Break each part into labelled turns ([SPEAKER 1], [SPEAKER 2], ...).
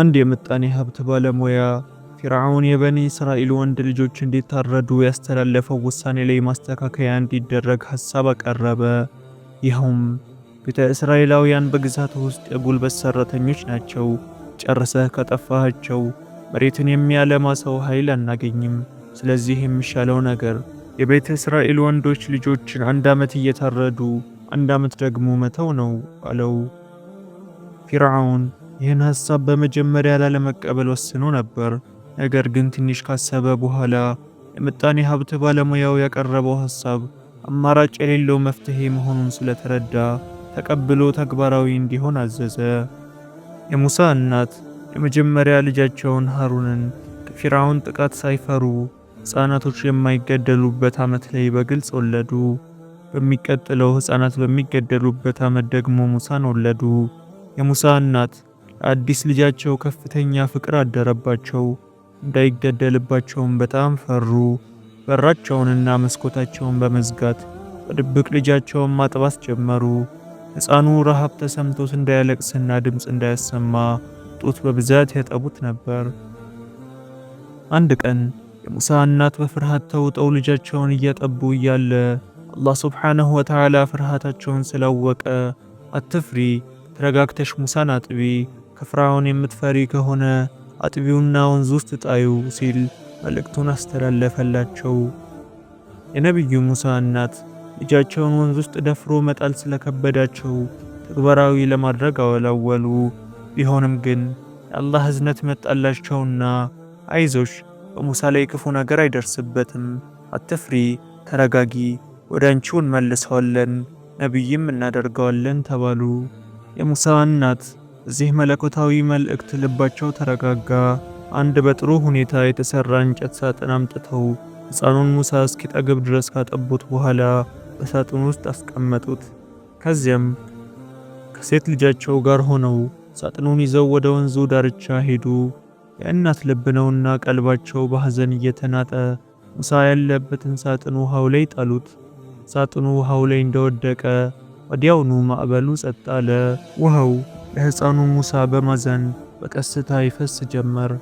[SPEAKER 1] አንድ የምጣኔ ሀብት ባለሙያ ፊርዓውን የበኒ እስራኤል ወንድ ልጆች እንዲታረዱ ያስተላለፈው ውሳኔ ላይ ማስተካከያ እንዲደረግ ሐሳብ አቀረበ። ይኸውም ቤተ እስራኤላውያን በግዛቱ ውስጥ የጉልበት ሰራተኞች ናቸው፣ ጨርሰህ ከጠፋሃቸው መሬትን የሚያለማ ሰው ኃይል አናገኝም። ስለዚህ የሚሻለው ነገር የቤተ እስራኤል ወንዶች ልጆችን አንድ ዓመት እየታረዱ አንድ ዓመት ደግሞ መተው ነው አለው ፊርዓውን ይህን ሐሳብ በመጀመሪያ ላለመቀበል ወስኖ ነበር። ነገር ግን ትንሽ ካሰበ በኋላ የምጣኔ ሀብት ባለሙያው ያቀረበው ሐሳብ አማራጭ የሌለው መፍትሄ መሆኑን ስለተረዳ ተቀብሎ ተግባራዊ እንዲሆን አዘዘ። የሙሳ እናት የመጀመሪያ ልጃቸውን ሐሩንን ከፊራውን ጥቃት ሳይፈሩ ሕፃናቶች የማይገደሉበት ዓመት ላይ በግልጽ ወለዱ። በሚቀጥለው ሕፃናት በሚገደሉበት ዓመት ደግሞ ሙሳን ወለዱ። የሙሳ እናት አዲስ ልጃቸው ከፍተኛ ፍቅር አደረባቸው። እንዳይገደልባቸውም በጣም ፈሩ። በራቸውንና መስኮታቸውን በመዝጋት በድብቅ ልጃቸውን ማጥባት ጀመሩ። ሕፃኑ ረሃብ ተሰምቶት እንዳያለቅስና ድምፅ እንዳያሰማ ጡት በብዛት ያጠቡት ነበር። አንድ ቀን የሙሳ እናት በፍርሃት ተውጠው ልጃቸውን እያጠቡ እያለ አላህ ስብሓነሁ ወተዓላ ፍርሃታቸውን ስላወቀ አትፍሪ፣ ተረጋግተሽ ሙሳን አጥቢ ከፍራውን የምትፈሪ ከሆነ አጥቢውና ወንዝ ውስጥ ጣዩ ሲል መልእክቱን አስተላለፈላቸው። የነቢዩ ሙሳ እናት ልጃቸውን ወንዝ ውስጥ ደፍሮ መጣል ስለከበዳቸው ተግባራዊ ለማድረግ አወላወሉ። ቢሆንም ግን የአላህ እዝነት መጣላቸውና አይዞሽ በሙሳ ላይ ክፉ ነገር አይደርስበትም፣ አትፍሪ፣ ተረጋጊ፣ ወደ አንቺ እንመልሰዋለን፣ ነቢይም እናደርገዋለን ተባሉ። የሙሳ እናት እዚህ መለኮታዊ መልእክት ልባቸው ተረጋጋ። አንድ በጥሩ ሁኔታ የተሰራ እንጨት ሳጥን አምጥተው ሕፃኑን ሙሳ እስኪጠግብ ድረስ ካጠቡት በኋላ በሳጥን ውስጥ አስቀመጡት። ከዚያም ከሴት ልጃቸው ጋር ሆነው ሳጥኑን ይዘው ወደ ወንዙ ዳርቻ ሄዱ። የእናት ልብ ነውና ቀልባቸው በሐዘን እየተናጠ ሙሳ ያለበትን ሳጥን ውሃው ላይ ጣሉት። ሳጥኑ ውሃው ላይ እንደወደቀ ወዲያውኑ ማዕበሉ ጸጥ አለ። ውሃው ለሕፃኑ ሙሳ በማዘን በቀስታ ይፈስ ጀመር።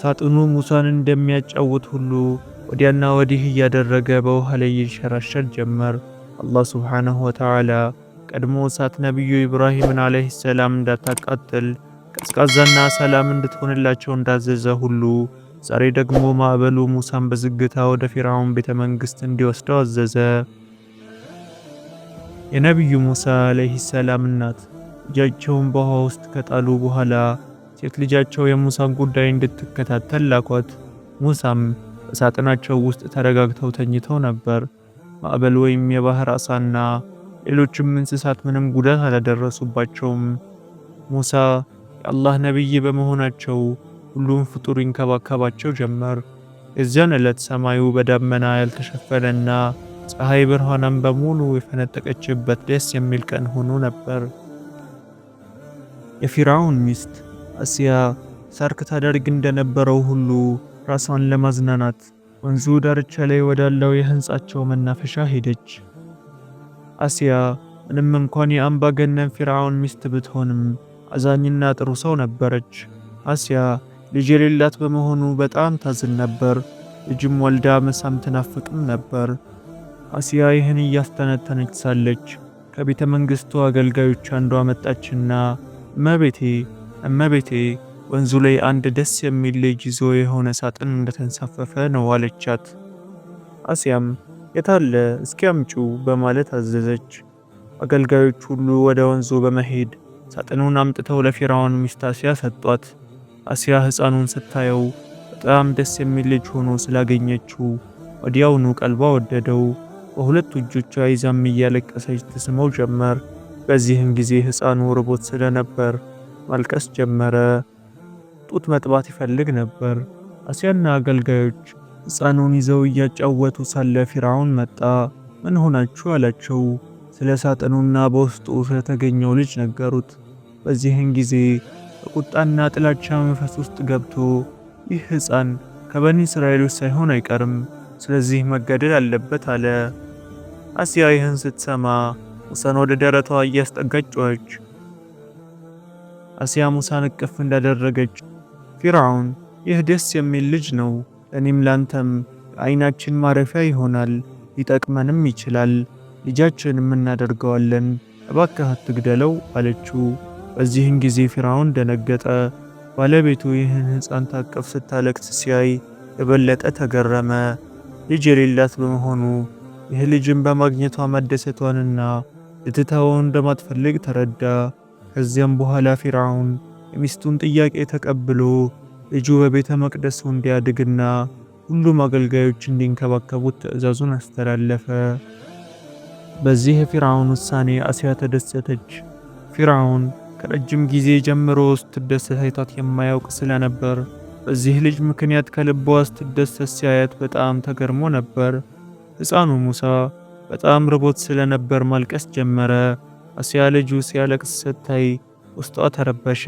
[SPEAKER 1] ሳጥኑ ሙሳን እንደሚያጫውት ሁሉ ወዲያና ወዲህ እያደረገ በውሃ ላይ ይንሸራሸር ጀመር። አላህ ሱብሓነሁ ወተዓላ ቀድሞ እሳት ነቢዩ ኢብራሂምን ዓለይሂ ሰላም እንዳታቃጥል ቀዝቃዛና ሰላም እንድትሆንላቸው እንዳዘዘ ሁሉ ዛሬ ደግሞ ማዕበሉ ሙሳን በዝግታ ወደ ፊርዓውን ቤተ መንግሥት እንዲወስደው አዘዘ። የነቢዩ ሙሳ ዓለይሂ ሰላም እናት እጃቸውን በውሃ ውስጥ ከጣሉ በኋላ ሴት ልጃቸው የሙሳን ጉዳይ እንድትከታተል ላኳት። ሙሳም በሳጥናቸው ውስጥ ተረጋግተው ተኝተው ነበር። ማዕበል ወይም የባህር አሳና ሌሎችም እንስሳት ምንም ጉዳት አላደረሱባቸውም። ሙሳ የአላህ ነቢይ በመሆናቸው ሁሉም ፍጡር ይንከባከባቸው ጀመር። እዚያን ዕለት ሰማዩ በዳመና ያልተሸፈነና ፀሐይ ብርሃናም በሙሉ የፈነጠቀችበት ደስ የሚል ቀን ሆኖ ነበር። የፊርዓውን ሚስት አሲያ ሰርክ ታደርግ እንደነበረው ሁሉ ራሷን ለማዝናናት ወንዙ ዳርቻ ላይ ወዳለው የህንጻቸው መናፈሻ ሄደች። አሲያ ምንም እንኳን የአምባገነን ፊርዓውን ሚስት ብትሆንም አዛኝና ጥሩ ሰው ነበረች። አሲያ ልጅ የሌላት በመሆኑ በጣም ታዝን ነበር። ልጅም ወልዳ መሳም ትናፍቅም ነበር። አሲያ ይህን እያስተነተነች ሳለች ከቤተ መንግሥቱ አገልጋዮች አንዷ መጣችና እመቤቴ እመቤቴ ወንዙ ላይ አንድ ደስ የሚል ልጅ ይዞ የሆነ ሳጥን እንደተንሳፈፈ ነው አለቻት። አስያም የታለ እስኪ አምጩ በማለት አዘዘች። አገልጋዮች ሁሉ ወደ ወንዙ በመሄድ ሳጥኑን አምጥተው ለፊራውን ሚስት አስያ ሰጧት። አስያ ሕፃኑን ስታየው በጣም ደስ የሚል ልጅ ሆኖ ስላገኘችው ወዲያውኑ ቀልቧ ወደደው። በሁለቱ እጆቿ ይዛም እያለቀሰች ትስመው ጀመር። በዚህም ጊዜ ሕፃኑ ርቦት ስለነበር ማልቀስ ጀመረ። ጡት መጥባት ይፈልግ ነበር። አሲያና አገልጋዮች ሕፃኑን ይዘው እያጫወቱ ሳለ ፊርዓውን መጣ። ምን ሆናችሁ አላቸው። ስለ ሳጥኑና በውስጡ ስለተገኘው ልጅ ነገሩት። በዚህን ጊዜ በቁጣና ጥላቻ መንፈስ ውስጥ ገብቶ ይህ ሕፃን ከበኒ እስራኤሎች ሳይሆን አይቀርም፣ ስለዚህ መገደል አለበት አለ። አሲያ ይህን ስትሰማ ሙሳን ወደ ደረቷ እያስጠጋች ጮኸች። አሲያ ሙሳን እቅፍ እንዳደረገች ፊርዓውን ይህ ደስ የሚል ልጅ ነው፣ እኔም ላንተም አይናችን ማረፊያ ይሆናል፣ ሊጠቅመንም ይችላል፣ ልጃችንም እናደርገዋለን፣ እባክህ አትግደለው አለችው። በዚህን ጊዜ ፊርዓውን ደነገጠ። ባለቤቱ ይህን ሕፃን ታቀፍ ስታለቅስ ሲያይ የበለጠ ተገረመ። ልጅ የሌላት በመሆኑ ይህ ልጅን በማግኘቷ መደሰቷንና ልትተወው እንደማትፈልግ ተረዳ። ከዚያም በኋላ ፊርዓውን የሚስቱን ጥያቄ ተቀብሎ ልጁ በቤተ መቅደሱ እንዲያድግና ሁሉም አገልጋዮች እንዲንከባከቡት ትዕዛዙን አስተላለፈ። በዚህ የፊርዓውን ውሳኔ አሲያ ተደሰተች። ፊርዓውን ከረጅም ጊዜ ጀምሮ ስትደሰት አይቷት የማያውቅ ስለነበር በዚህ ልጅ ምክንያት ከልቧ ስትደሰት ሲያያት በጣም ተገርሞ ነበር። ሕፃኑ ሙሳ በጣም ርቦት ስለነበር ማልቀስ ጀመረ። አሲያ ልጁ ሲያለቅስ ስታይ ውስጧ ተረበሸ።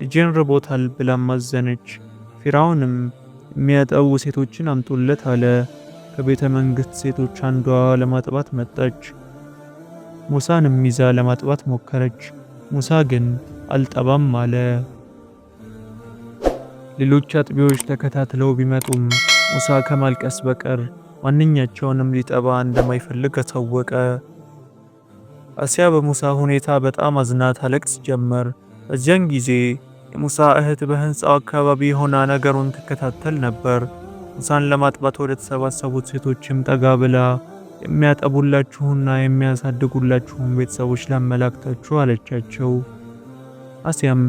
[SPEAKER 1] ልጄን ርቦታል ብላም አዘነች። ፊራውንም የሚያጠቡ ሴቶችን አምጡለት አለ። ከቤተ መንግሥት ሴቶች አንዷ ለማጥባት መጣች። ሙሳንም ይዛ ለማጥባት ሞከረች። ሙሳ ግን አልጠባም አለ። ሌሎች አጥቢዎች ተከታትለው ቢመጡም ሙሳ ከማልቀስ በቀር ማንኛቸውንም ሊጠባ እንደማይፈልግ ከታወቀ። አሲያ በሙሳ ሁኔታ በጣም አዝና ታለቅስ ጀመር። በዚያን ጊዜ የሙሳ እህት በህንፃው አካባቢ ሆና ነገሩን ትከታተል ነበር። ሙሳን ለማጥባት ወደ ተሰባሰቡት ሴቶችም ጠጋ ብላ የሚያጠቡላችሁና የሚያሳድጉላችሁን ቤተሰቦች ላመላክታችሁ አለቻቸው። አሲያም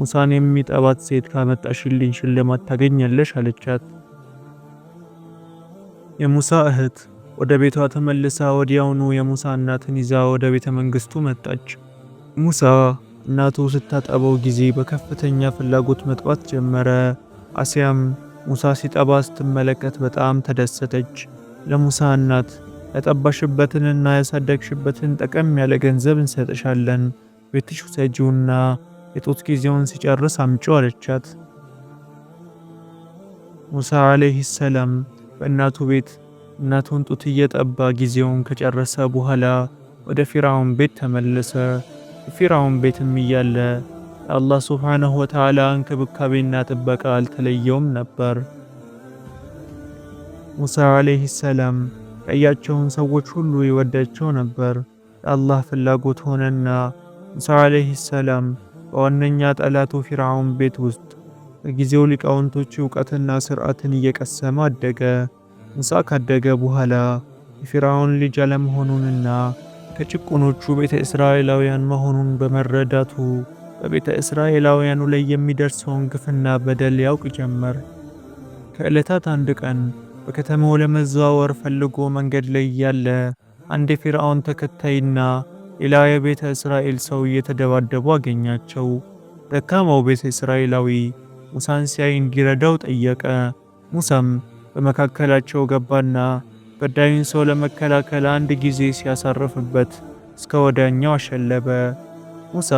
[SPEAKER 1] ሙሳን የሚጠባት ሴት ካመጣሽልኝ ሽልማት ታገኛለሽ አለቻት። የሙሳ እህት ወደ ቤቷ ተመልሳ ወዲያውኑ የሙሳ እናትን ይዛ ወደ ቤተ መንግስቱ መጣች። ሙሳ እናቱ ስታጠበው ጊዜ በከፍተኛ ፍላጎት መጥባት ጀመረ። አሲያም ሙሳ ሲጠባ ስትመለከት በጣም ተደሰተች። ለሙሳ እናት ያጠባሽበትንና ያሳደግሽበትን ጠቀም ያለ ገንዘብ እንሰጥሻለን፣ ቤትሽ ውሰጂውና የጡት ጊዜውን ሲጨርስ አምጪው አለቻት። ሙሳ ዓለይህ ሰላም በእናቱ ቤት እናቱን ጡት እየጠባ ጊዜውን ከጨረሰ በኋላ ወደ ፊርዓውን ቤት ተመለሰ። ፊርዓውን ቤትም እያለ የአላህ ሱብሓነሁ ወተዓላ እንክብካቤና ጥበቃ አልተለየውም ነበር። ሙሳ ዓለይሂ ሰላም ያያቸውን ሰዎች ሁሉ ይወዳቸው ነበር። የአላህ ፍላጎት ሆነና ሙሳ ዓለይሂ ሰላም በዋነኛ ጠላቱ ፊርዓውን ቤት ውስጥ ጊዜው ሊቃውንቶች እውቀትና ስርዓትን እየቀሰመ አደገ። ሙሳ ካደገ በኋላ የፊራውን ልጅ አለመሆኑንና ከጭቁኖቹ ቤተ እስራኤላውያን መሆኑን በመረዳቱ በቤተ እስራኤላውያኑ ላይ የሚደርሰውን ግፍና በደል ያውቅ ጀመር። ከዕለታት አንድ ቀን በከተማው ለመዘዋወር ፈልጎ መንገድ ላይ እያለ አንድ የፊርዓውን ተከታይና ሌላ የቤተ እስራኤል ሰው እየተደባደቡ አገኛቸው። ደካማው ቤተ እስራኤላዊ ሙሳን ሲያይ እንዲረዳው ጠየቀ። ሙሳም በመካከላቸው ገባና በዳዩን ሰው ለመከላከል አንድ ጊዜ ሲያሳርፍበት እስከ ወዲያኛው አሸለበ። ሙሳ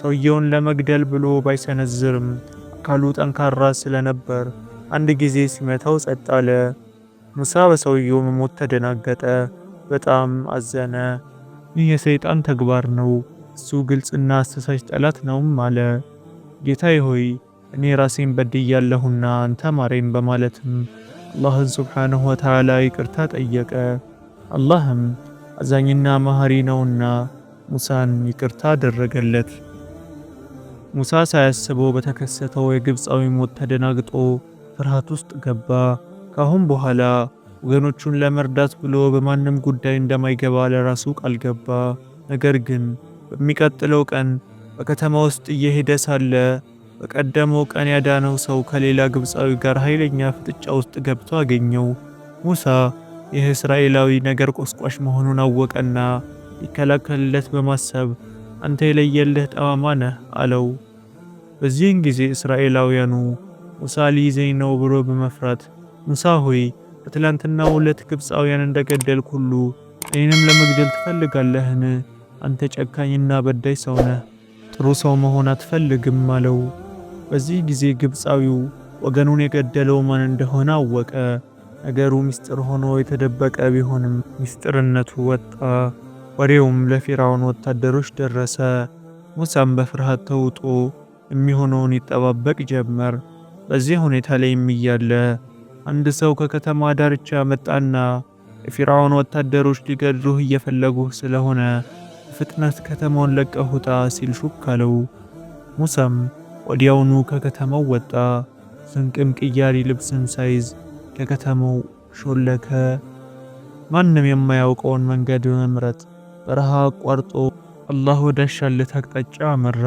[SPEAKER 1] ሰውየውን ለመግደል ብሎ ባይሰነዝርም አካሉ ጠንካራ ስለነበር አንድ ጊዜ ሲመታው ጸጥ አለ። ሙሳ በሰውየው መሞት ተደናገጠ፣ በጣም አዘነ። ይህ የሰይጣን ተግባር ነው፣ እሱ ግልጽና አስተሳሽ ጠላት ነውም አለ። ጌታዬ ሆይ እኔ ራሴን በድያለሁና አንተ ማረኝ በማለትም አላህን ሱብሓነሁ ወተዓላ ይቅርታ ጠየቀ። አላህም አዛኝና መሐሪ ነውና ሙሳን ይቅርታ አደረገለት። ሙሳ ሳያስበው በተከሰተው የግብፃዊ ሞት ተደናግጦ ፍርሃት ውስጥ ገባ። ካሁን በኋላ ወገኖቹን ለመርዳት ብሎ በማንም ጉዳይ እንደማይገባ ለራሱ ቃል ገባ። ነገር ግን በሚቀጥለው ቀን በከተማ ውስጥ እየሄደ ሳለ በቀደመው ቀን ያዳነው ሰው ከሌላ ግብፃዊ ጋር ኃይለኛ ፍጥጫ ውስጥ ገብቶ አገኘው። ሙሳ ይህ እስራኤላዊ ነገር ቆስቋሽ መሆኑን አወቀና ሊከላከልለት በማሰብ አንተ የለየልህ ጠማማ ነህ አለው። በዚህን ጊዜ እስራኤላውያኑ ሙሳ ሊይዘኝ ነው ብሎ በመፍራት ሙሳ ሆይ በትላንትናው ዕለት ግብፃውያን እንደገደልክ ሁሉ እኔንም ለመግደል ትፈልጋለህን? አንተ ጨካኝና በዳይ ሰው ነህ፣ ጥሩ ሰው መሆን አትፈልግም አለው። በዚህ ጊዜ ግብፃዊው ወገኑን የገደለው ማን እንደሆነ አወቀ። ነገሩ ምስጢር ሆኖ የተደበቀ ቢሆንም ምስጢርነቱ ወጣ። ወሬውም ለፊራውን ወታደሮች ደረሰ። ሙሳም በፍርሃት ተውጦ የሚሆነውን ይጠባበቅ ጀመር። በዚህ ሁኔታ ላይም እያለ አንድ ሰው ከከተማ ዳርቻ መጣና የፊራውን ወታደሮች ሊገድሉህ እየፈለጉህ ስለሆነ ፍጥነት ከተማውን ለቀህ ውጣ ሲል ሹክ አለው። ሙሳም ወዲያውኑ ከከተማው ወጣ። ስንቅም ቅያሪ ልብስን ሳይዝ ከከተማው ሾለከ። ማንም የማያውቀውን መንገድ በመምረጥ በረሃ አቋርጦ አላህ ወዳሻለት አቅጣጫ አመራ።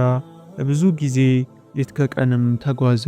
[SPEAKER 1] ለብዙ ጊዜ ሌት ከቀንም ተጓዘ።